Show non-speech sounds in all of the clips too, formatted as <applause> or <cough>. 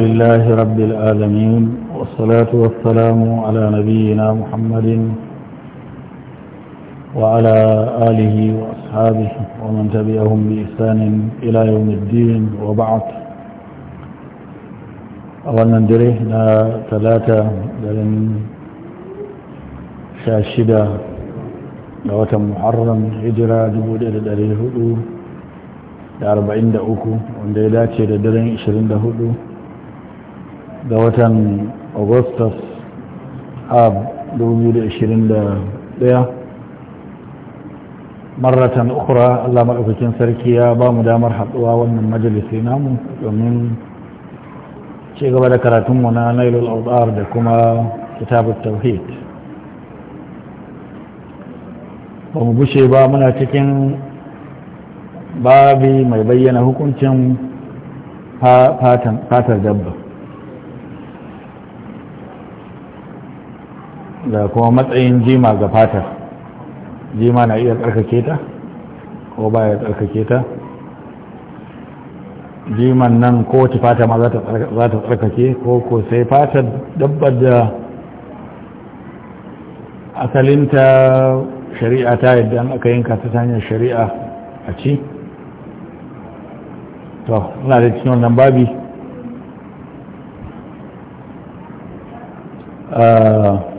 لله رب العالمين والصلاة والسلام على نبينا محمد وعلى آله وأصحابه ومن تبعهم بإحسان إلى يوم الدين وبعد أولا درهنا ثلاثة لن شاشدة لوة محرم هجرة جبود إلى دليل هدو da 43 wanda ya dace da daren 24 Da watan augustus a 2021 maratan ukura allah maɗaukakin sarki ya ba mu damar haɗuwa wannan majalisi namu domin ci gaba da karatunmu na nailul al'adar da kuma kitabun tauhid ba mu bushe ba muna cikin babi mai bayyana hukuncin fatar dabba da kuma matsayin jima ga fatar jima na iya tsarkake ta ko ba ya tsarkake ta jiman nan ko ci fata ma za ta tsarkake ko ko sai fatar dabbar da asalinta shari'a ta yadda an aka yanka ta hanyar shari'a a ci to na da cikin wannan babi ah,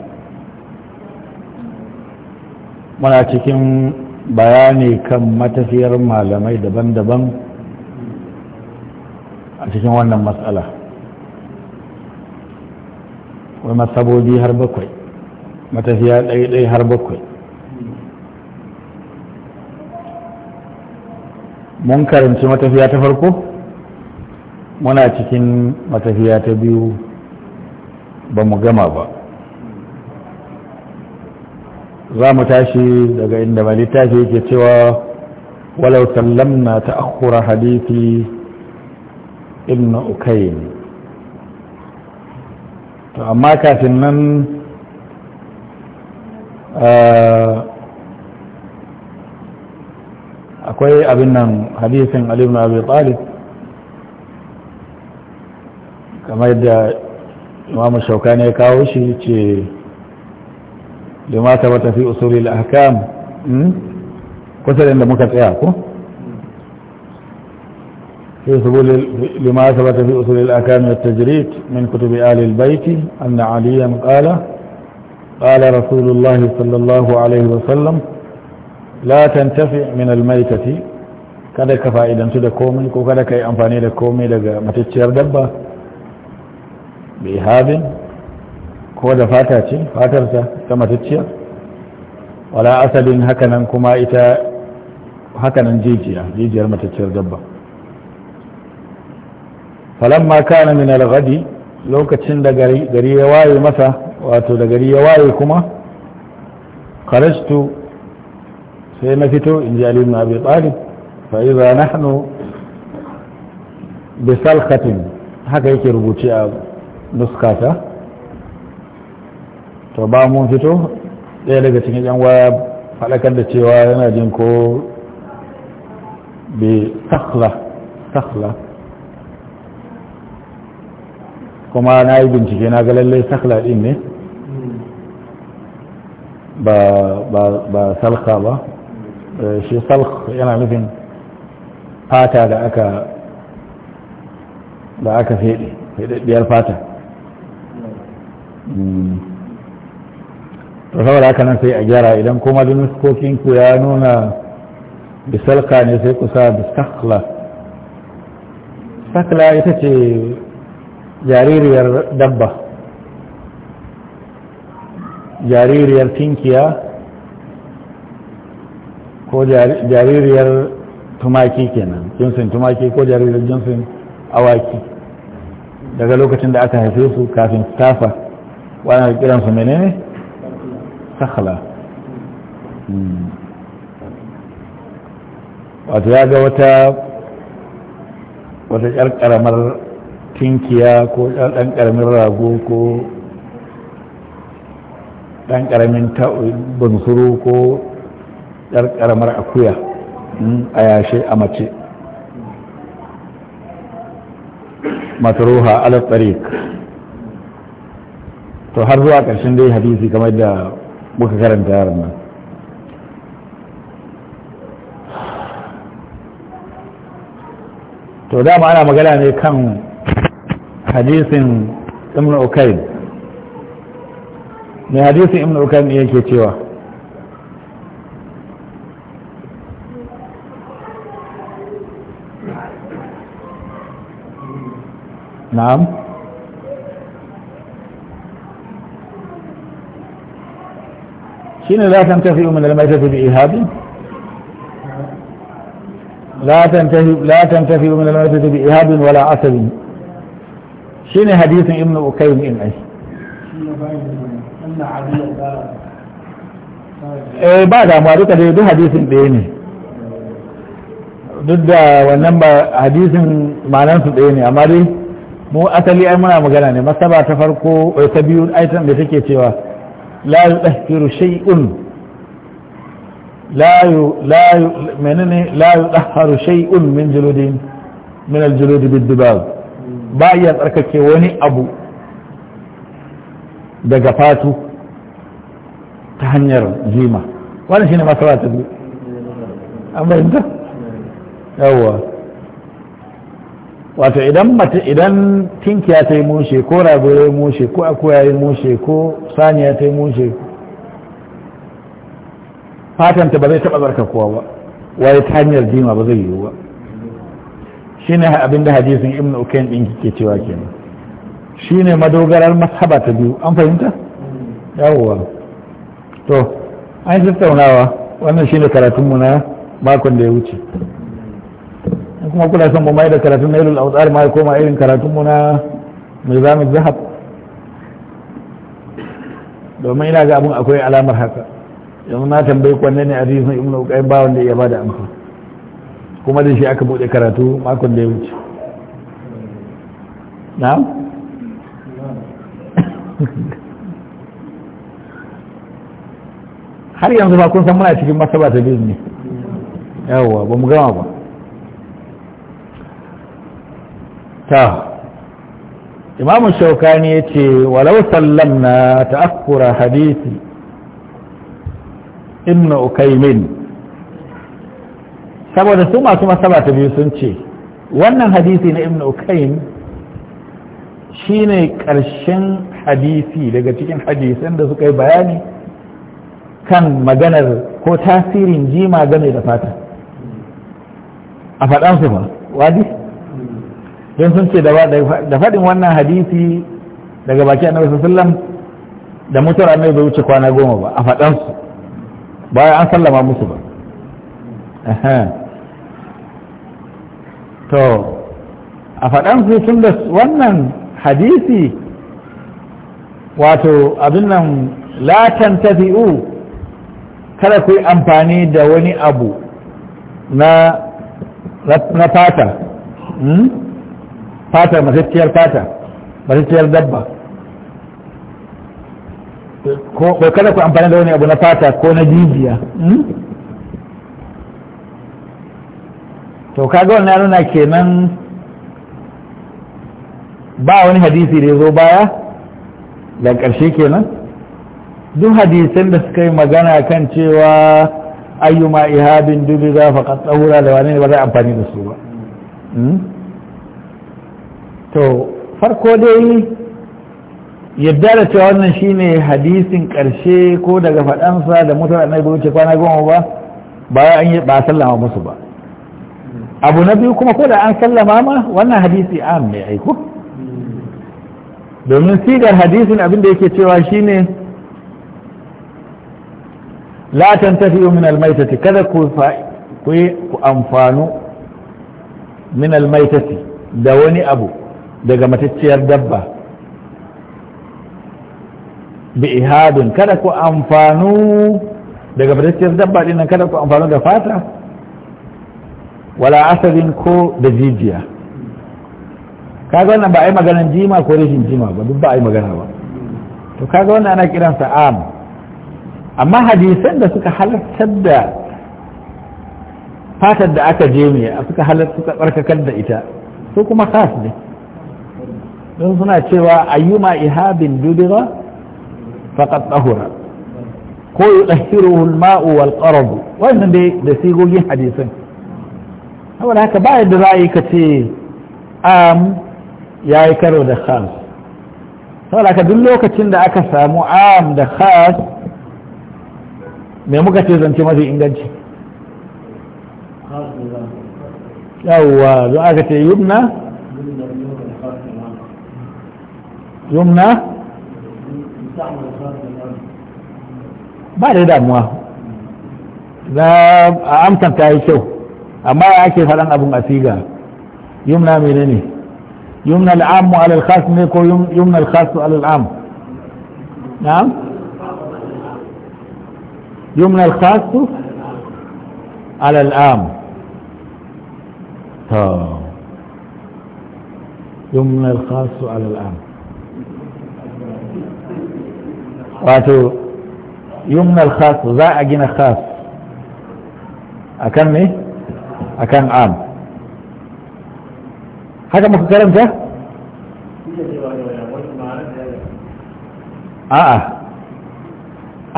muna cikin bayani kan matafiyar malamai daban-daban a cikin wannan matsala wai matsabobi har bakwai matafiya ɗaiɗai har bakwai mun karanci matafiya ta farko muna cikin matafiya ta biyu ba mu gama ba za mu tashi daga inda mai littafi yake cewa walau sallamna akura hadithi ukai ne to amma kafin nan eh, akwai abin nan hadisin Ali na Abi Talib kamar da Imam Shaukani ne kawo shi ce لما ثبت في أصول الأحكام قتل عند مكتئاك في ثبوت لما ثبت في أصول الأحكام والتجريد من كتب آل البيت أن عليا قال قال رسول الله صلى الله عليه وسلم لا تنتفع من الميتة كذا كفائدا تدى كومي كذا كي أنفاني لكومي لغا متشير دبا بهذا ko da fata ce fatarsa ta matacciya wala asalin hakanan kuma ita hakanan jijiya jijiyar matacciyar dabba falamma kana min al-ghadi lokacin da gari ya waye masa wato da gari ya waye kuma kharajtu sai na fito in ji ali ibn abi talib fa idza nahnu bi salkhatin haka yake rubuce a nuskata to ba mun fito ɗaya daga cikin yan waya faɗakar da cewa yana jin ko bi sakhla kuma na yi bincike na ga lallai sakhla ɗin ne ba salka ba eh, shi salk yana nufin fata da aka da aka fede fata hmm. to saboda haka nan sai a gyara idan kuma da ku ya nuna bisalka ne sai ku sa bisakla sakla ita ce jaririyar dabba jaririyar tinkiya ko jaririyar tumaki kenan jinsin tumaki ko jaririyar jinsin awaki daga lokacin da aka haife su kafin tafa wani kiransu menene sakhla wato ya ga wata wata yar karamar tinkiya ko ɗan karamin rago ko ɗan karamin bunsuru ko yar karamar akuya hmm, a yashe a mace mataruha ala to har zuwa ƙarshen dai hadisi kamar da muka karanta yaran nan to dama ana magana ne kan hadisin ibn ukaid ne hadisin ibn ukaid ne yake cewa na'am shine la tantafi min al-maytati bi ihabi la tantafi la tantafi min al-maytati wala asabi shine hadisin in eh ba da ma duka dai duk hadisin ɗaya ne duk da wannan ba hadisin malan su ɗaya ne amma dai mu asali ai muna magana ne masaba ta farko eh, ta biyu aitan da take cewa لا يؤثر شيء لا ي... لا ي... منني لا يؤثر شيء من جلود من الجلود بالذباب بايا تركك وني ابو daga fatu ta hanyar jima wani shine اما انت biyu wato idan mata idan tinkiya ta yi mushe ko rago ya yi mushe ko akuya ya yi mushe ko saniya ta yi mushe fatanta ba zai taɓa kowa ba waye ta hanyar jima ba zai yiwu ba shi ne abinda hadisin imna ukain ɗin ke cewa ke nan. shi ne madogarar masaba ta biyu an fahimta? yawwa to an tattaunawa wannan shi ne karatunmu na makon da ya wuce kuma kuna son mu mai da karatun na ilul autsar ma koma irin karatun na mai nizamin zahab domin ina ga abun akwai alamar haka yanzu na tambayi kwanne ne a rizun ibn ukayin ba wanda ya bada amsa kuma da shi aka bude karatu makon da ya wuce na har yanzu ba kun san muna cikin masaba ta biyu ne yawwa ba mu gama ba ta imamu shaukani ya ce walau sallamna ta'akkura hadisi inna ukaimin saboda su masu masaba ta biyu sun ce wannan hadisi na ibn ukaim shine ƙarshen hadisi daga cikin hadisan da suka yi bayani kan maganar ko tasirin jima game da fata a faɗansu ba wadi don sun ce da faɗin wannan hadisi daga baki annabi sallam da mutuwar annabi bai wuce kwana goma ba a faɗansu bayan an sallama musu ba to a faɗansu tun da wannan hadisi wato abin nan latan tafi'u kada ku yi amfani da wani abu na fata hmm? fata matacciyar fata matacciyar dabba ko kada ku amfani da wani abu na fata ko na jijiya hmm? to kaga wannan nuna kenan ba wani hadisi da ya zo baya da ƙarshe kenan duk hadisan da suka yi magana kan cewa ayyuma ihabin dubi za faƙa wura da wani ne ba za a amfani da su ba hmm? to farko dai yadda da cewa wannan shine hadisin karshe ko daga faɗansa da mutuwar annabi wuce kwana goma ba bayan an yi ba sallama musu ba abu na biyu kuma ko da an sallama ma wannan hadisi am mai aiko domin sigar hadisin abin da yake cewa shine la tantafi'u min almaitati kada ku ku amfanu min almaitati da wani abu daga matacciyar dabba bi ihadin kada ku amfanu daga matacciyar dabba din nan kada ku amfanu da fata wala asalin ko da jijiya kaga wannan ba a yi maganan jima ko rashin jima ba duk ba a yi magana ba to kaga wannan ana kiransa am amma hadisan da suka halartar da fatar da aka je suka halartar suka tsarkakar da ita su kuma khas ne don suna cewa ayyuma ihabin dubira faqad tahura ko yudhiruhu al-ma'u wal qarab wannan dai da sigogin hadisin saboda haka ba yadda za a yi ka ce am ya yi karo da khas saboda haka duk lokacin da aka samu am da khas me muka ce zance mafi inganci yawwa don aka ce yubna يمنى ba da damuwa na amsar ta yi kyau amma ya ake faɗan abin asiga yumna mene ne yumna al'amu alal khas ne ko yumna al-khasu alal am na'am yumna al-khasu alal am to yumna al-khasu alal am wato yumnal khas za a gina khas akan ne akan am haka muka karanta a'a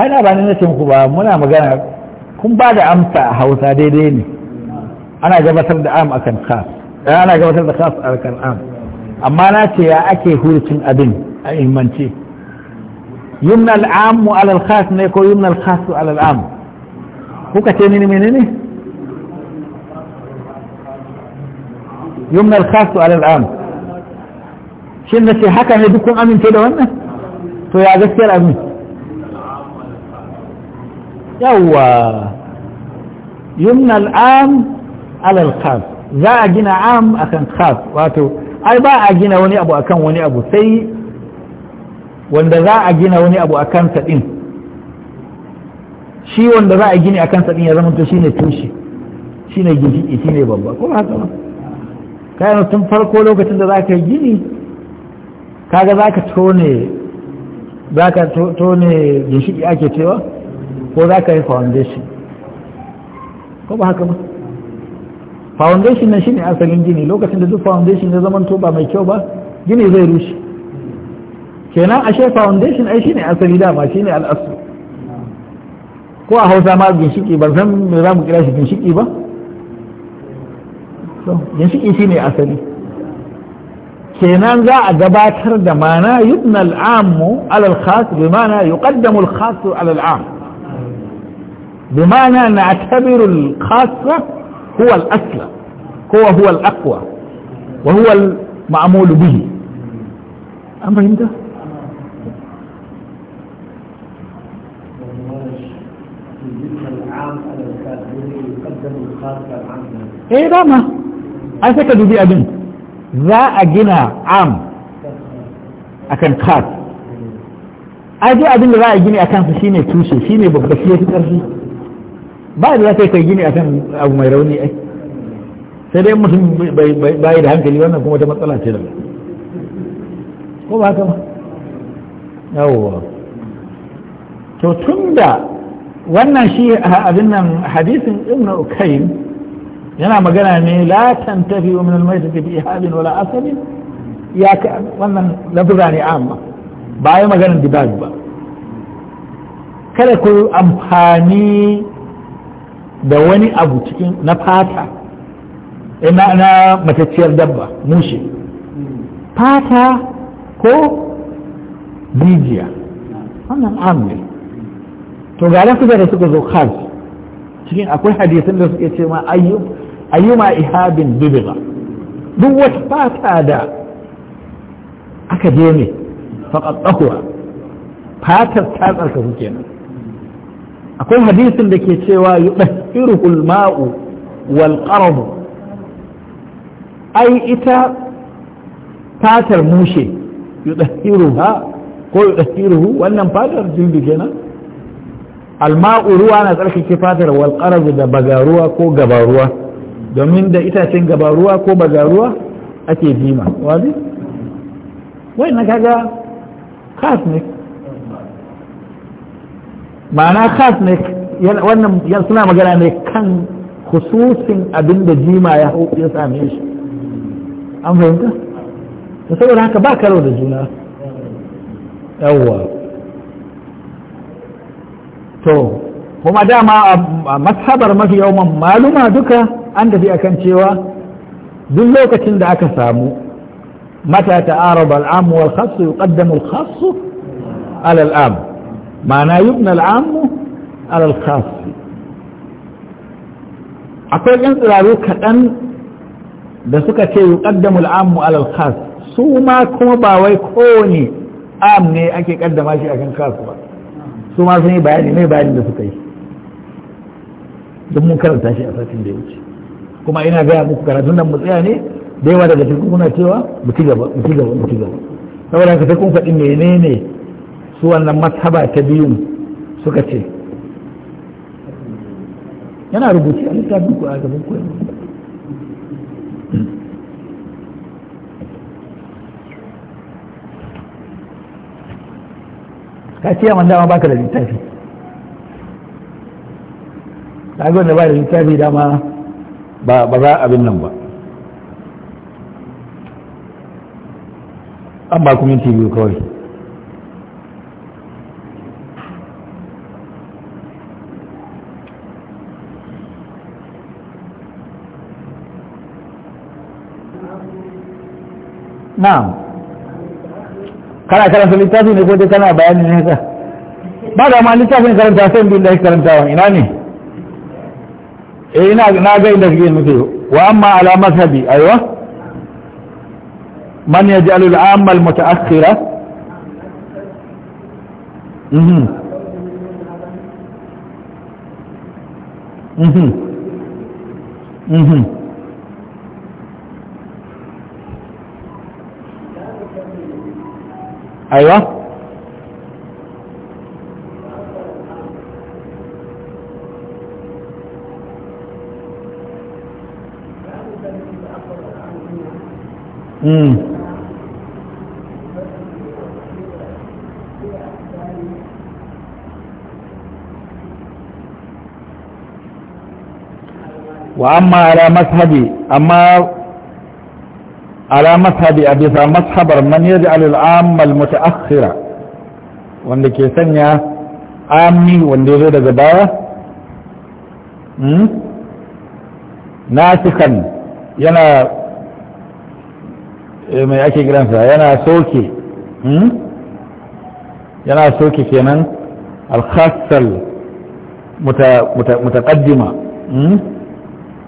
ai na ba ni na ku ba muna magana kun ba da amsa a hausa daidai ne ana gabatar da am akan khas eh, ana gabatar da khas akan am amma na ce ya ake hurucin abin a ilmance yumna al'amu alal khas ne ko yumna al khasu alal am kuka ce ni menene yumna al khasu alal am shin ce haka ne dukkan kun amince da wannan to ya gaskiyar amin yawwa yumna al am alal khas za a gina am akan khas wato ai ba a gina wani abu akan wani abu sai wanda za a gina wani abu a kansa ɗin shi wanda za a gini a kansa ɗin ya zama to ne tushe shi ne shine shi ne babba ko ba haka ba kayan tun farko lokacin da za ka gini kaga za ka tone za ka tone ginshiki ake cewa ko za ka yi foundation ko ba haka ba foundation na ne asalin gini lokacin da duk foundation ya zama to ba mai kyau ba gini zai rushe kenan ashe foundation ai shine asali dama shine al'asu ko a hausa ma ginshiki ban san me za mu kira shi ginshiki ba ginshiki shine asali kenan za a gabatar da mana yubna al'ammu ala al-khas bi mana yuqaddamu al-khas ala al-am bi mana na'tabiru al-khas huwa al-asla huwa huwa al-aqwa wa huwa al-ma'mul bihi an fahimta eh dama an sai ka dubi abin za a gina am kan kas a ji abin da za a gini a shi shine tushe shine babba shi fi karfi ba da za ka yi gini a kan abu mai rauni ai sai dai mutum bai da hankali wannan kuma ta matsala ce daga ko ba haka ba yawwa to tun da wannan shi abin nan hadisin ibn ukaim yana magana ne la tantafi min al-maytati bi ihabin wala asabin ya ka wannan lafuza ne amma ba ya maganar dibaj ba kada ku amfani da wani abu cikin na fata ina eh, na matacciyar dabba mushe fata ko bijiya. wannan amma to ga lafuzar da suka zo khas cikin akwai hadisin da suke ce ma ayyub A yi ayyuma ihabin bibiga duk wata fata da aka je ne faƙat tsakuwa fatar ta tsarkaku kenan akwai hadisin da ke cewa yi ɗahiru ma'u wal ƙarabu ai ita fatar mushe yi ɗahiru ha ko yi ɗahiru wannan fatar jirgi kenan alma'u ruwa na tsarkake fatar wal ƙarabu da bagaruwa ko gabaruwa domin da itacen gaba ruwa ko baza ruwa ake jima wani wai na kaga kasnik ma'ana kasnik wannan suna magana ne kan hususin abin da jima ya same shi an fahimta saboda haka ba karo da juna yawwa to kuma dama a mashabar mafi yawan maluma duka an tafi kan cewa duk lokacin da aka samu mata ta'araba al'am wal khass yuqaddamu al khass ala al am ma'ana yubna al am ala akwai yan tsiraru kaɗan da suka ce yuqaddamu al am ala al su ma kuma ba wai kowane am ne ake kaddama shi kan khassu ba su ma sun yi bayani ne bayani da suka yi don mun karanta shi a satin da ya wuce kuma ina gaya muku karatun nan mu tsaya ne da yawa daga cikin kuna cewa mu ci gaba mu ci gaba mu ci gaba saboda haka sai kun faɗi menene su wannan mazhaba ta biyun suka ce yana rubuci a littafin ku a gaban ku ka ce yaman dama baka da littafi ta gwanda ba da littafi dama ba za abin nan ba an ba kuma tv kawai na'am kana karanta littafi ne ko dai kana bayani ne ka ba da ma littafin karanta sai bin da ya karanta wa ina ne eh ina na ga inda kike nufi wa amma ala mazhabi aywa man yaj'alu al-amma al-muta'akhkhira mhm mhm, mhm. aywa وأما على مذهبي أما على مذهبي أبي ذا مذهب من يجعل العام المتأخرة wanda ke sanya amni wanda ya zo daga baya nasikan Eh, mai ake kiransa yana soke hmm? yana soke kenan alkhassal mutaqaddima hmm?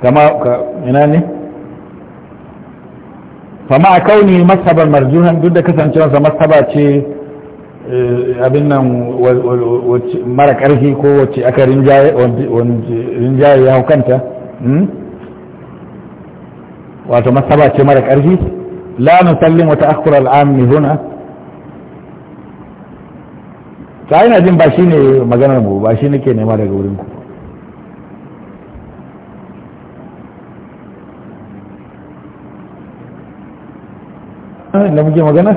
kama ina ne fama kauni mashaban marjuhan duk da kasancewarsa mashaba ce eh, abin nan mara ƙarfi ko wacce aka rinjaye ya hukanta hmm? wato masaba ce mara ƙarfi لا نسلم وتأخر العام هنا ta ina jin ba shi ne maganar ba shi nake nema daga wurin ku da muke magana?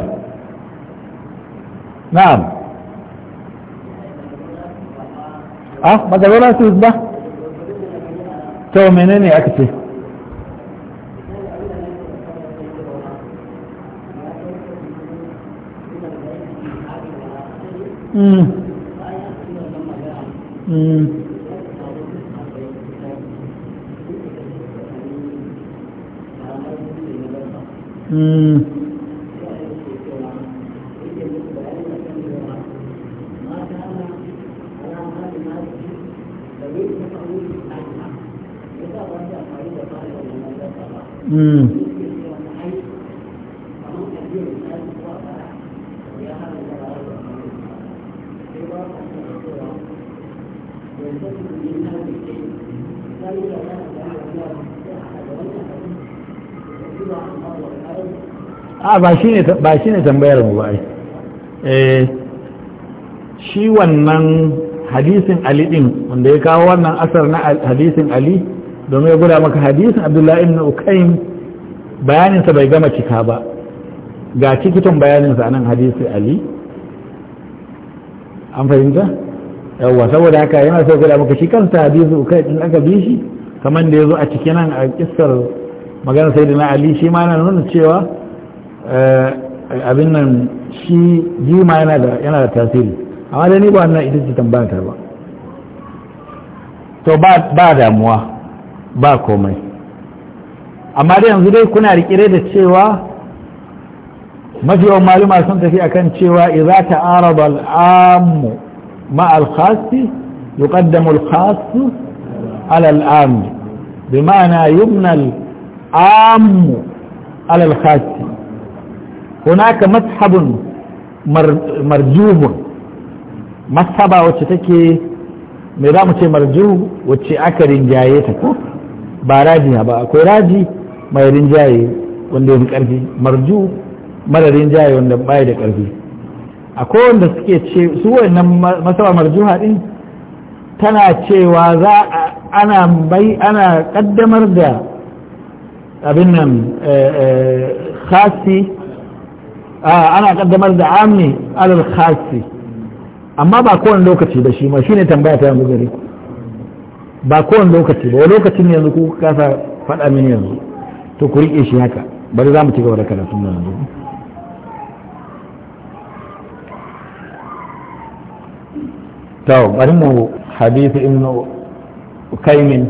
na'am ah magana su ba ta menene aka ce Mm. a ba shi ne tambayar mu ba ai, eh, shi wannan hadisin ali din wanda ya kawo wannan asar na hadisin ali domin ya guda maka hadisin abdullahi ibn ukaim bayaninsa bai gama cika ba ga cikitan bayaninsa nan hadisin ali an fahimta? yawwa saboda haka yana so gada maka shi kansa hadisi kai in aka bi shi kamar da yazo a cikin nan a kissar magana sayyidina ali shi ma yana nuna cewa eh, abin nan shi jima yana da yana da tasiri amma dai ni ba wannan ita ce tambaya ta ba to ba ba damuwa ba komai amma dai yanzu dai kuna rikire da cewa mafi yawan maluma sun tafi akan cewa idza ta'arada al مع الخاص يقدم الخاص على العام بمعنى يبنى العام على الخاص هناك مسحب مرجوب masaba wacce take mai za mu ce marju wacce aka rinjaye ko ba raji ba akwai raji mai rinjaye wanda ya fi ƙarfi marju mara rinjaye wanda baya da ƙarfi akwai wanda suke ce su wannan masaba marjuha din tana cewa za ana bai ana kaddamar da abin nan eh, eh, khasi ana kaddamar da amni alal khasi amma ba kowane lokaci ba shi ma shine tambaya ta yanzu gare ba kowane lokaci ba lokacin yanzu ku kasa faɗa mini yanzu to ku riƙe shi haka bari za mu ci gaba da karatu nan yanzu to bari mu hadisi ibn ukaimin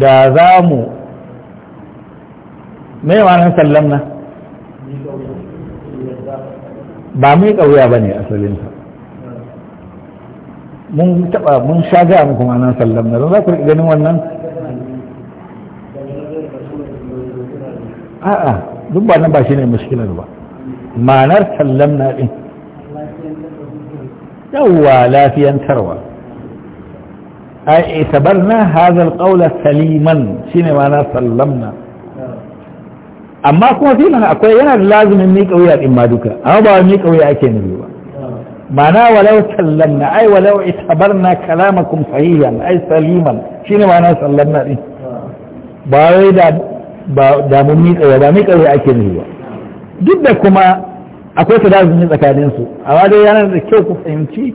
da za mu mai wani sallam na ba mai ƙauya ba ne asalinsa mun taɓa mun sha gaya muku ma'anar sallam na don za ku ganin wannan a'a duk ba nan ba shi ne muskilar ba ma'anar sallam na ɗin yawwa lafiyantarwa ai itabarna hadha alqawla saliman shine ma'ana sallamna amma kuma fi mana akwai yana da lazumin miƙa wuya din ma duka amma ba miƙa wuya ake ba walau sallamna ai walau ai saliman sallamna ba wai da mun miƙa wuya ba miƙa wuya ake ba duk da kuma akwai ta ne tsakanin su amma dai yana da kyau ku fahimci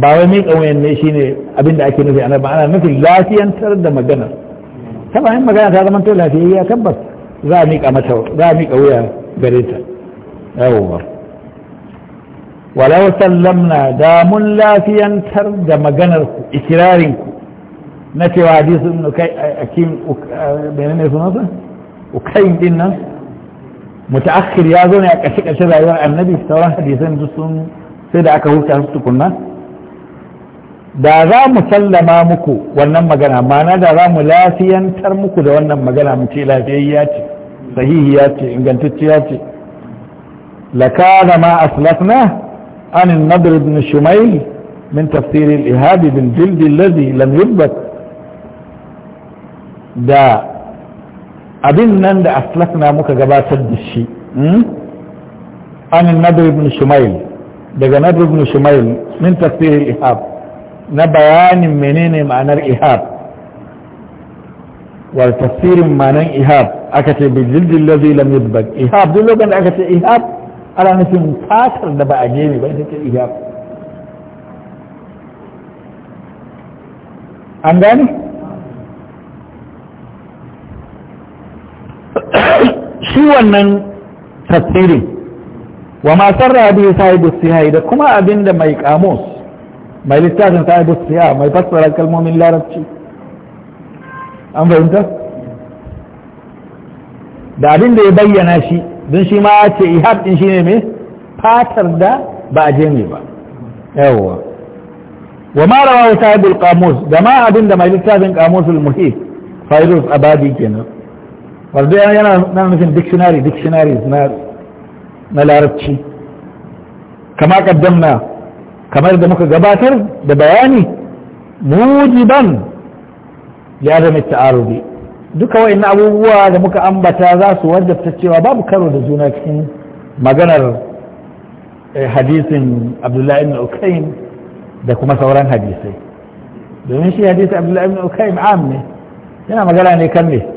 ba wai mika wayan ne shine abin da ake nufi ana ba ana nufin lafiyantar da maganar ta bayan magana ta zama to lafiyayya tabbas za a miƙa mata za a miƙa wuya gare ta yawwa walau sallamna da mun lafiyantar da maganar ku ikirarin ku na cewa hadisin kai akim menene sunansa ukayin din nan mutaakhir ya zo ne a ƙarshe ƙarshe rayuwar annabi sauran hadisan duk sun sai da aka huta su tukunna da za mu sallama muku wannan magana ma'ana da za mu lafiyantar muku da wannan magana mu ce lafiyayya ce sahihiya ce ingantacciya ce lakana ma aslafna an an-nadr ibn min tafsir al-ihab bil da abin nan da aslafna muka gabatar da shi hmm? an nadir ibn shumail daga nadir ibn shumail min tafsirin ihab na bayanin menene ma'anar ihab wa tafsirin ma'anar ihab aka ce bi jildin lazi lam yudbak ihab duk lokacin da aka ce ihab ana nufin fatar da ba a gemi ba ita ce ihab an gani? wannan tafsirin wa ma Rabi bihi sahibu sihai da kuma abinda mai kamus mai littafin sahibu siha mai fassara kalmomin larabci an fahimta da abinda ya bayyana shi don shi ma ya ce ihab din shi ne me fatar da ba a je ba yawwa wa ma rawahu sahibu al-qamus da ma abinda mai littafin kamusul muhi fairuz abadi kenan wardo yana na nufin dictionary dictionary na larabci kama kaddamna kamar da muka gabatar da bayani mujiban ya zama ta'arudi duka wa'in abubuwa da muka ambata za su wajabta cewa babu karo da juna cikin maganar eh, hadisin abdullahi ibn ukaim da kuma sauran hadisai domin shi hadisin abdullahi ibn ukaim am ne yana magana ne kan ne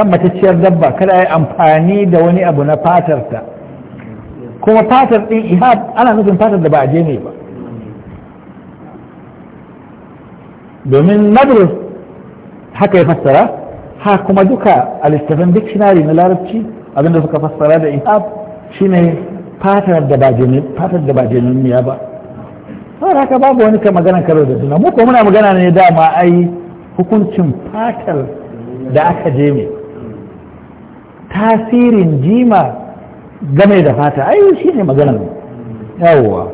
kan matacciyar dabba kada ya amfani da wani abu na fatarta kuma fatar ɗin ihab ana nufin fatar da ba a je ne ba domin nadrus haka ya fassara ha kuma duka a littafin dictionary na larabci abinda suka fassara da ihab shine fatar da ba jini fatar da ba jini ba haka babu wani ka magana karo da suna mu muna magana ne dama ai hukuncin fatar da aka je mai tasirin jima game da fata ai shi ne maganar yawwa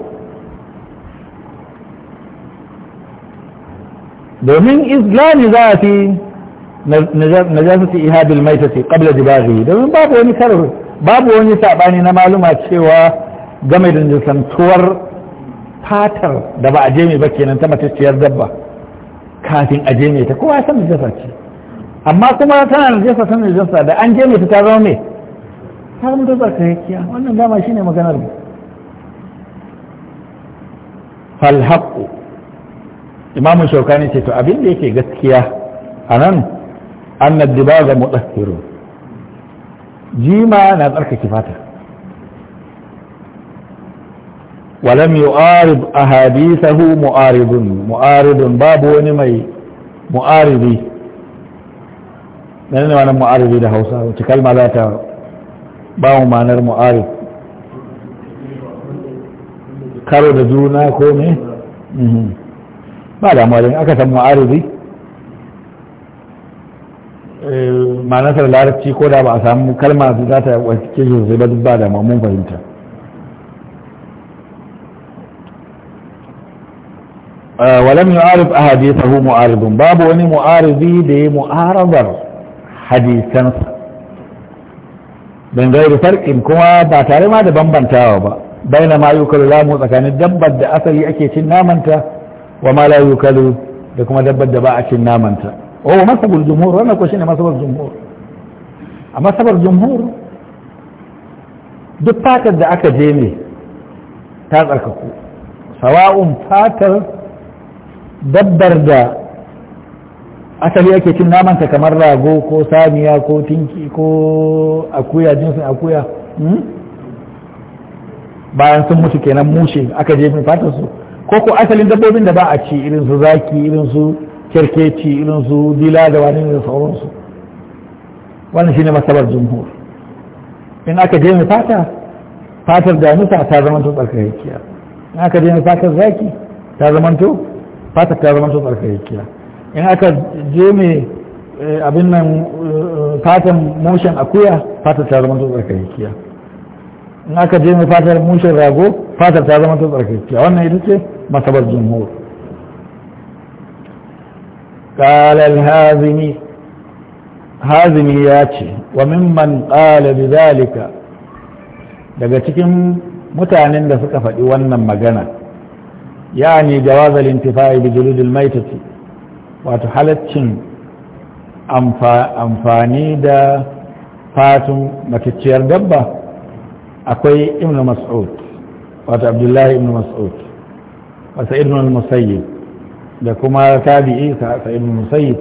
domin izlani za a fi najasati ihabil maitati qabla dibaghi domin babu wani karar babu wani sabani na maluma cewa game da nisantuwar fatar da ba a je ba kenan ta matacciyar dabba kafin a je ta kowa san najasa ce amma kuma tana da jasa sanin jasa da an je mai ta zama mai ta zama ta tsarkakekiya wannan dama shine maganar mu falhaƙo imamu shaukani ce to abin da yake gaskiya a nan an na dibaga muɗaskiro jima na tsarkake fata walam yu'arib ahadithahu mu'aridun mu'aridun babu wani mai mu'aridi menene wannan mu'aridi da hausa wacce kalma za ta ba mu manar mu'arid karo da juna ko ne mhm. ba da, da aka san mu'aridi eh, ma'anasar larabci ko da ba a samu kalma za ta wace sosai ba duk ba da mun fahimta eh, walam yu'arif ahadithahu mu'aridun babu wani mu'aridi da ya mu'arabar hadisansa don gairu farkin kuma ba tare ma da bambantawa ba baina ma yukalu lamu tsakanin dabbar da asali ake cin namanta wa ma la yukalu da kuma dabbar da ba a cin namanta o masabar jumhur wanda ko shine masabar jumhur a masabar jumhur duk fatar da aka je ne ta tsarkaku sawa'un fatar dabbar da asali ake cin namanta kamar rago ko samiya ko tinki ko akuya jinsin akuya hmm? bayan sun mutu kenan mushe aka je mai fatar su ko ko asalin dabbobin da ba a ci irin su zaki irin su kerkeci irin su dila da wani da sauransu wannan shine masabar jumhur in aka je mai fata fatar damuta ta zamanto tsarkakakkiya in aka je mai fatar zaki ta to fatar ta zamanto tsarkakakkiya in aka je mai eh, abin nan eh, eh, fatan mushen akuya fatar ta zama to tsarkakekiya in aka je mai fatar mushen rago fatar ta zama to tsarkakekiya wannan ita ce masabar jumhur قال الهازمي hazimi ya ce wa mimman ƙala zalika daga cikin mutanen da suka faɗi wannan magana ya ne jawazal intifa'i bi juludil maitati wato halaccin amfani da fatun matacciyar dabba akwai ibn mas'ud wato abdullahi ibn mas'ud wa ibn al-musayyib da kuma tabi'i sa ibn musayyib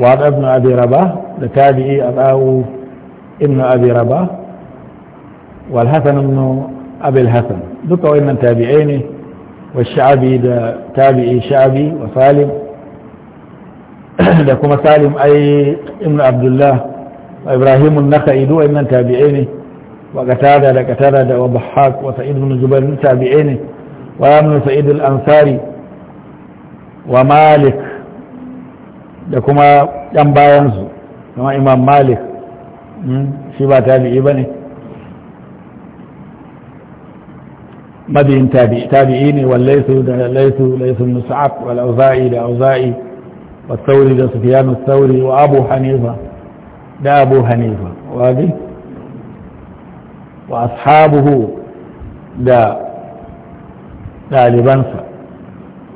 wa ibn abi raba da tabi'i a tsawo ibn abi rabah wal hasan ibn abi al-hasan duka wayannan tabi'ai ne wa sha'abi da tabi'i sha'abi wa salim da kuma salim ai ibn abdullah ibrahim an-nakhai du'a nan tabi'i ne wa qatada da qatada da wa bahak wa sa'id ibn jubair tabi'i ne wa ibn sa'id al-ansari wa malik da kuma yan bayan su kuma imam malik shi ba tabi'i bane mabiyin tabi'i tabi'i ne wallaisu da laisu laisu mus'ab wal auza'i da auza'i والثوري لسفيان الثوري وابو حنيفه ده ابو حنيفه وادي واصحابه ده طالبان ف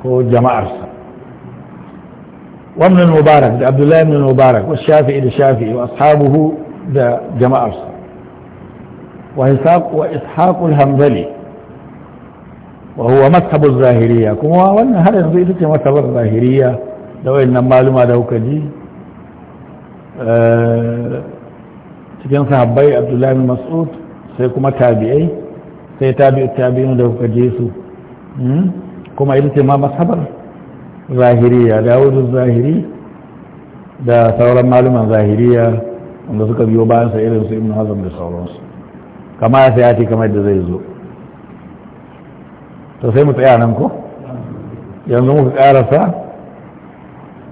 هو جماعه ومن المبارك ده عبد الله بن المبارك والشافعي للشافعي واصحابه ده جماعه وإسحاق وإسحاق الهمذلي وهو مذهب الظاهرية كما وأن هذا الظاهرية da wayannan maluma da kuka ji eh, cikin sahabbai abdullahi mas'ud sai kuma tabi'ai sai tabi'u tabi'in da kuka ji su hmm? kuma ita ce ma masabar zahiriya da wudu zahiri da sauran maluman zahiriya wanda suka biyo bayan sa irin su ibn hazm da sauransu kama ya sayati kamar da zai zo to sai mu tsaya nan ko yanzu muka karasa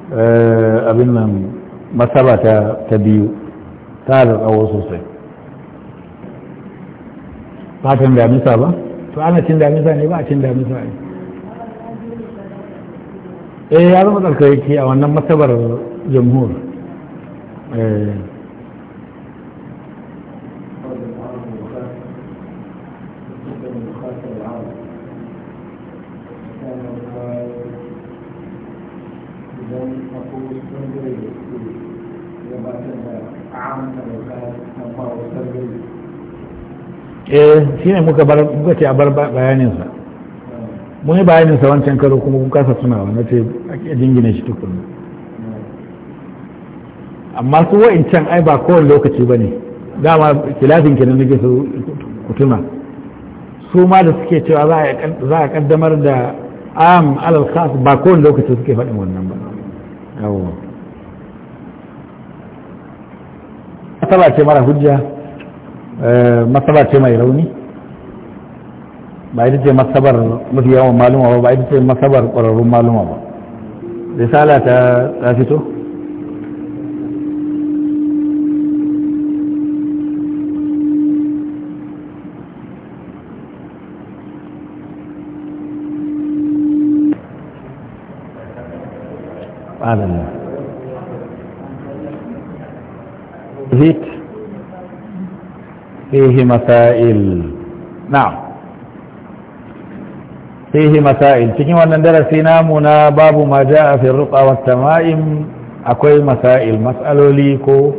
Eh, abin nan masaba ta biyu ta da tsawo sosai fatan damisa ba to ana cin damisa ne ba a cin damisa ne eh ya zama tsarkarki a wannan masabar jamhur eh. idan akwai eh shi ne muka bar muka ce a bar bayaninsa mun yi bayaninsa wancan karo kuma kun kasa tunawa na ce ake jingina shi tukunna amma su can ai ba kowane lokaci ba ne dama kilafin kenan nake su kutuna su ma da suke cewa za a kaddamar da am alal khas ba kowane lokaci suke faɗin wannan ba masaba ce mara hujja eh, masaba ce mai rauni ba yi ce masabar mafi yawan maluma ba ba yi ce masabar ƙwararrun maluma ba risala ta fito subhanallah zit fihi masail na'am fihi masail cikin wannan darasi namu na babu ma ja'a fi ruqa wa tama'im akwai masail mas'aloli ko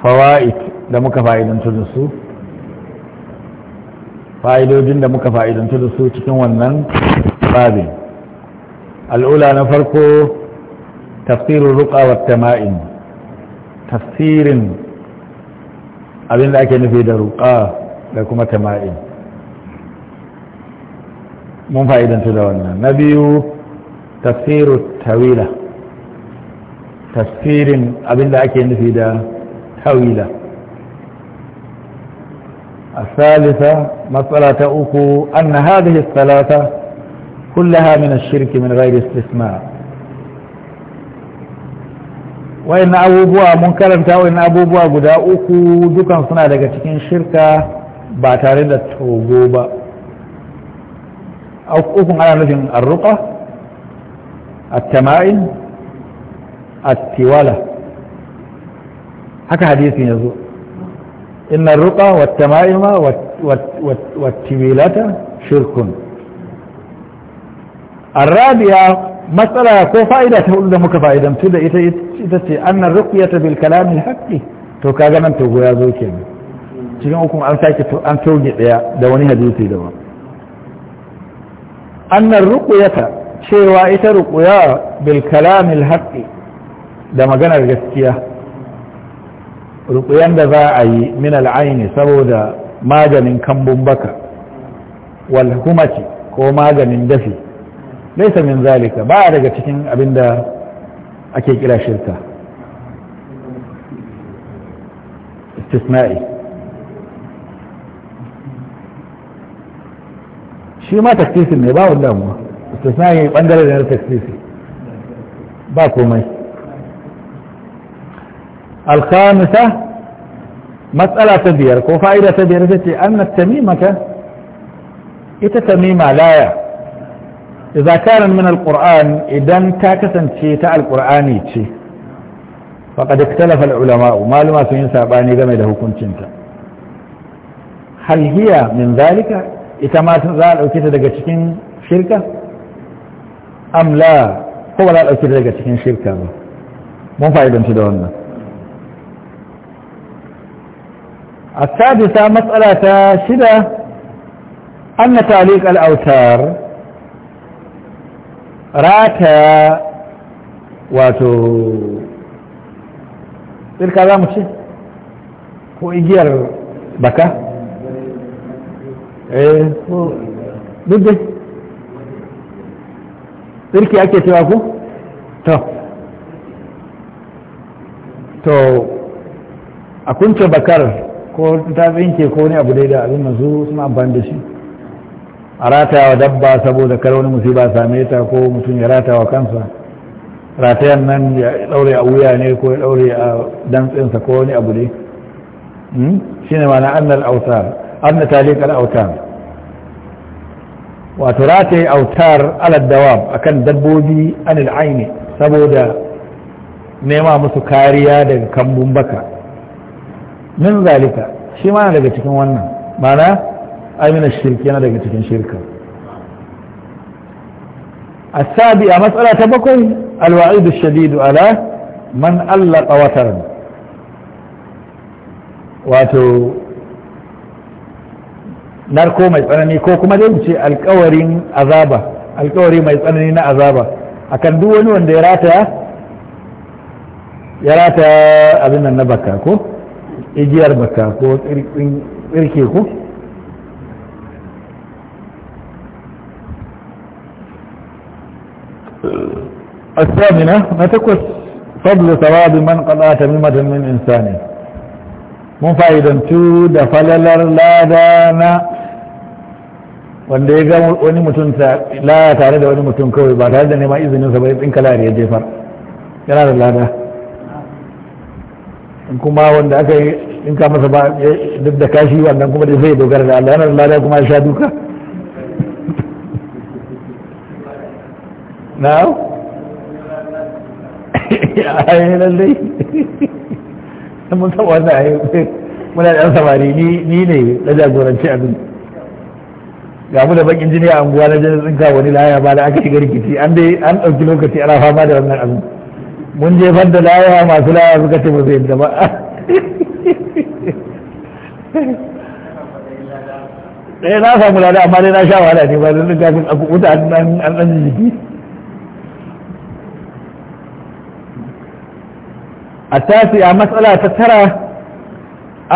fawaid da muka fa'idantu da su fa'idojin da muka fa'idantu da su cikin wannan babin al'ula na farko تفسير الرقى والتمائم تفسير أبين لأكين في دا رقى لكم تمائم منفائدا تدورنا نبي تفسير التويلة تفسير أبين لأكين في دا تويلة الثالثة مسألة أخو أن هذه الثلاثة كلها من الشرك من غير استثناء wayan abubuwa mun karanta wayan abubuwa guda uku dukan suna daga cikin shirka ba tare da togo ba ukun ana nufin arruka attama'in attiwala haka hadisin ya zo inna arruka wattama'ima wattiwilata shirkun ko fa'ida ta الرابعة مسألة كو فائدة تقول لهم كفائدة متودة إتسي أن الرقية بالكلام الحقي تو كاغانا تو يا زوكي cikin hukun an sake an toge daya da wani hadisi da ba nan ruqyata cewa ita ruqya bil kalam haƙƙi da maganar gaskiya ruqyan da za a yi min al saboda maganin kambun baka wal humati ko maganin dafi laisa min zalika ba daga cikin abin da ake kira shirka istisna'i shi ma taksisin ne ba wanda mu istisna'i bangare da na taksisi ba komai alkhamisa matsala ta biyar ko fa'ida ta biyar ta ce an na tamimata ita tamima laya idza kana min alquran idan ta kasance ta alqurani ce faqad ikhtalafa alulama maluma sun yi saɓani game da hukuncinta Halhiya hiya min zalika ita ma za a dauke ta daga cikin shirka am la ba za a dauke daga cikin shirka ba mun fa'idanci da wannan السادسة مسألة شدة أن تعليق الأوتار rataya wato tsirka za mu ce ko igiyar baka eh ko duk dai tsirki ake cewa ku to to a kunce bakar ko ta tsinke ko ne abu dai da abin mazu suna amfani da shi a rataya wa dabba saboda kar wani musiba same ta ko mutum ya rataya wa kansa ratayan nan ya daure a wuya ne ko ya daure a dantsinsa ko wani abu ne Shi hmm? shine ma'ana annal autar anna talik al autar wato rataye autar ala a kan dabbobi an al'aini saboda nema musu kariya daga kambun baka min zalika shi ma daga cikin wannan ma'ana aminan shirki yana daga cikin shirka a a السابعة مسألة بكم الوعيد الشديد على من ألق وترن واتو narko mai tsanani ko kuma dai ce alkawarin azaba alkawari mai tsanani na azaba akan duk wani wanda ya rata ya rata abin nan na baka ko igiyar baka ko tsirke ko الثامنة نتكوس فضل ثواب من قضى تميمة من إنسان mun fa'idantu da falalar lada na wanda ya ga wani mutum laya tare da wani mutum kawai ba tare da izinin izininsa bai tsinka layar ya jefar yana da lada in kuma wanda aka yi tsinka masa ba duk da kashi wannan kuma da zai dogara da Allah yana da lada kuma ya sha duka na'am ayi <laughs> lallai mun san wannan ayi muna da samari ni ne na jagoranci abin ga mu da bakin jini a unguwa na jini tsinka wani laya ba da aka shiga rikici an dai an ɗauki lokaci ana fama da wannan abin mun jefar da laya masu laya suka ce ba zai yadda ba ɗaya <laughs> eh, na samu lada amma dai na sha wahala ne ba da kafin a kuɓuta an ɗan jiki التاسعة مسألة تترى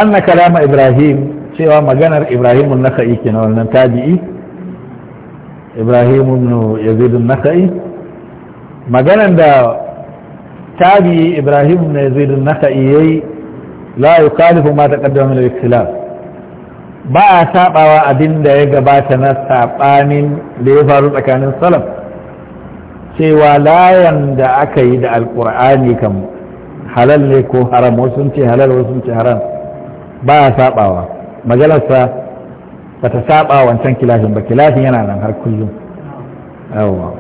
أن كلام إبراهيم شيء مجنر إبراهيم النخعي كنا والنتاجئي إبراهيم بن يزيد النخعي مجنر دا تابعي إبراهيم بن يزيد النخعي لا يخالف ما تقدم من الاختلاف ba a saɓawa abin da ya gabata na saɓanin da ya faru tsakanin salaf cewa layan da aka yi da alƙur'ani kan halal ne ko haram wasu sun ce halal wasu sun ce haram ba ya sabawa majalarsa ba ta saba wancan kilashin ba kilashin yana nan har kullum yawwa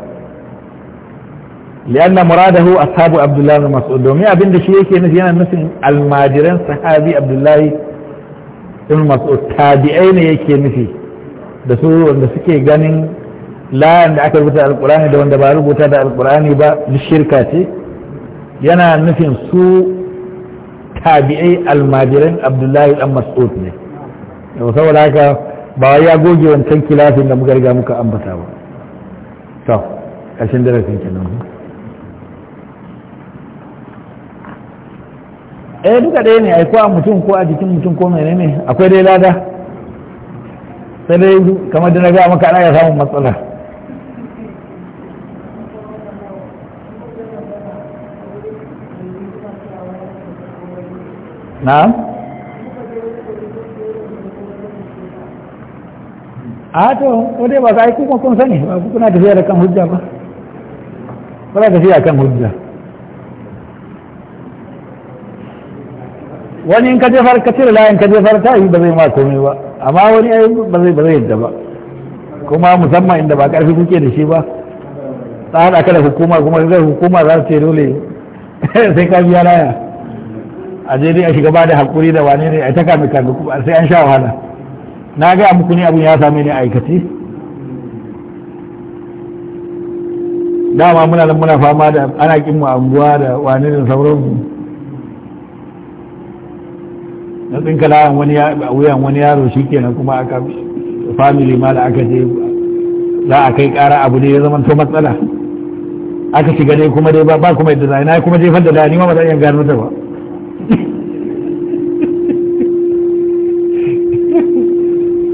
na muradahu ashabu abdullahi bin mas'ud domin abin da shi yake nufi yana nufin almajiran sahabi abdullahi bin mas'ud tabi'ai ne yake nufi da su wanda suke ganin layan da aka rubuta alkurani da wanda ba rubuta da alkurani ba duk shirka ce yana nufin su tabi'ai almajiran abdullahi dan mas'ud ne yau saboda haka ba ya goge wancan kilafin da muka riga muka ambata ba to ƙarshen darasin kenan eh duka ɗaya ne ai ko a mutum ko a jikin mutum ko menene akwai dai lada sai dai kamar da na ga maka ana ya samun matsala na'am a to wadai ba za a yi kuma kun sani ba kuna tafiya da kan hujja ba kuna tafiya kan hujja wani in ka jefar cire layin ka jefar ta yi ba zai ma komai ba amma wani ya ba zai ba zai yadda ba kuma musamman inda ba karfi kuke da shi ba ta haɗa ka da hukuma kuma zai hukuma za su ce dole <laughs> sai ka biya laya a je dai a shiga ba da hakuri da wane ne a ta kame kame kuma sai an sha wahala na ga muku ne abun ya same ni aikace dama muna nan muna fama da ana kin mu anguwa da wane sauran mu na tsinka wani wuyan wani yaro shikenan kuma aka family ma da aka je za a kai kara abu ne ya zama to matsala aka shiga dai kuma dai ba kuma yadda zai na kuma jefar da dani ni ma ba zan iya gano da ba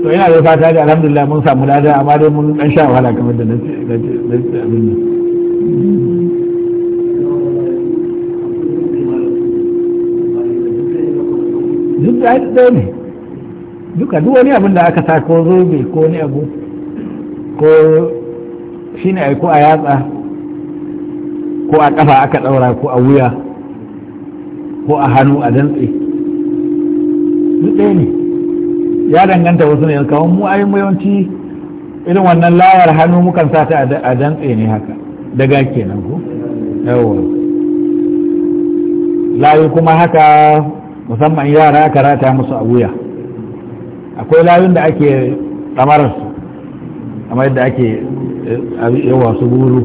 to yana da fata da alhamdulillah mun samu lada amma dai mun dan sha wahala kamar da nace nace abin nan duk da da ne duka duk wani abin da aka sa ko zobe ko ne abu ko shi ne aiko a yatsa ko a ƙafa aka ɗaura ko a wuya ko a hannu a dantse duk ɗaya ne ya danganta wasu ne kawo mu ai yawanci irin wannan layar hannu mukan sa ta a dantse ne haka daga kenan ko yawa layu kuma haka musamman yara aka rata musu a wuya akwai layun da ake ɗamararsu kamar yadda ake eh, yawa su buru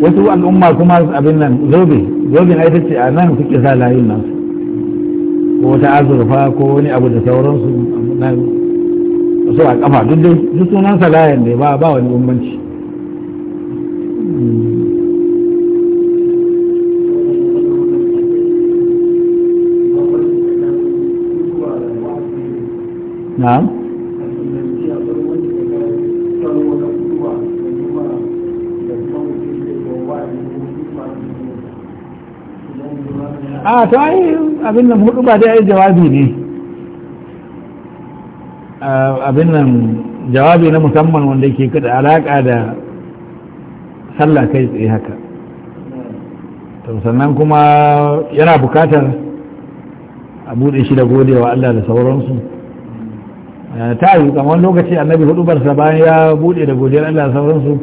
wasu al'umma kuma abin nan zobe zobe na ita ce a nan suke sa layun nan ko azurfa ko wani abu da sauransu so a kafa duk dai duk sunan salayan ne ba ba wani bambanci na'am a ah, abin nan hudu ba dai ya jawabi ne abin nan jawabi na musamman wanda ke kada alaka da sallah kai tsaye haka to sannan kuma yana bukatar a buɗe shi da godewa Allah da sauransu ta yi kamar lokaci annabi hudu barsa bayan ya buɗe da godiyar Allah da sauransu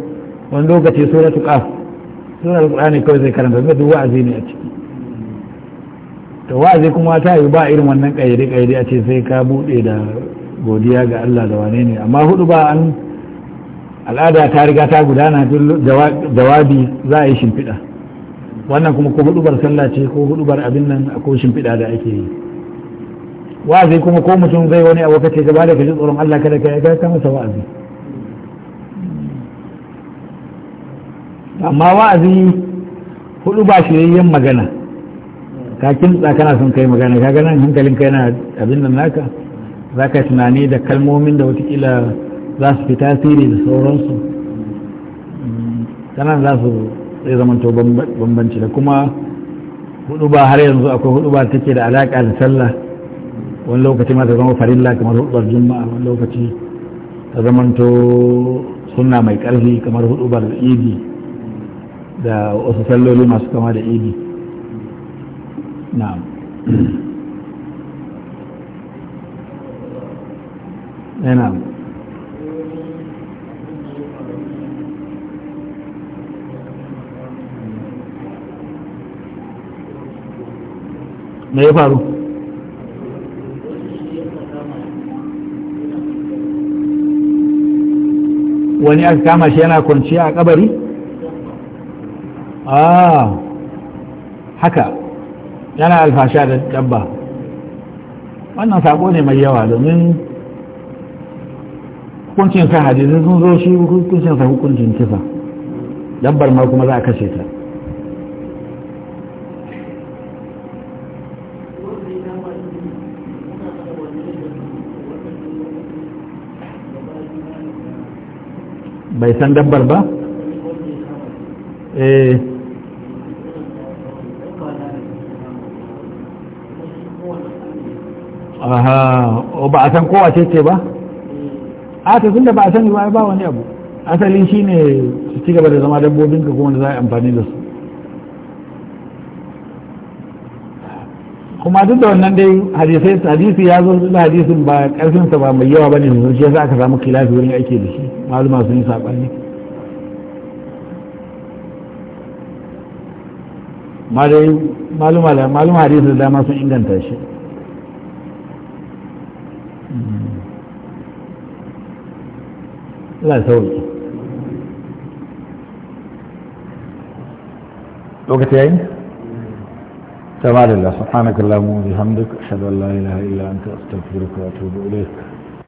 wani lokaci suratul qaf suratul qur'ani kawai zai karanta zai duwa azini a ciki to wa'azi kuma ta yi ba irin wannan kayyade kayyade a ce sai ka bude da godiya ga Allah da wane ne amma hudu ba an al'ada ta riga ta gudana jawabi za a yi shimfiɗa wannan kuma ko hudubar sallah ce ko hudubar abin nan ko shimfiɗa da ake yi wa'azi kuma ko mutum zai wani abu kace gaba da kaji tsoron Allah kada ka yi, ka masa wa'azi amma wa'azi hudu ba shi shiryayyen magana ka kintsa kana son kai magana ka ganin hankalin kai na abin nan naka za ka tunani da kalmomin da watakila za su fi tasiri da sauransu sanan za su zai to bambanci da kuma hudu ba har yanzu akwai hudu ba take da alaka da sallah wani lokaci ma ta zama farilla kamar hudubar juma'a wani lokaci ta to sunna mai karfi kamar hudubar idi da wasu salloli masu kama da idi نعم نعم eh, me faru wani aka kama shi yana kwanciya a kabari? Ah, haka yana alfasha da dabba wannan sako ne mai yawa domin hukuncin sa hadisi sun zo shi hukuncin sa hukuncin kisa dabbar ma kuma za a kashe ta bai san dabbar ba eh ba a san kowa ce ba a ta tun da ba a san ba ba wani abu asali shi ne su ci gaba da zama dabbobin ka kuma da za a amfani da su kuma duk da wannan dai hadisai hadisi ya zo da hadisin ba karfinsa ba mai yawa ba bane sosai shi yasa aka samu kilafi wurin aiki da shi maluma sun yi saɓani maluma maluma hadisi da dama sun inganta shi لا sauri وقت yayi الله سبحانك اللهم وبحمدك أشهد أن لا إله إلا أنت أستغفرك وأتوب إليك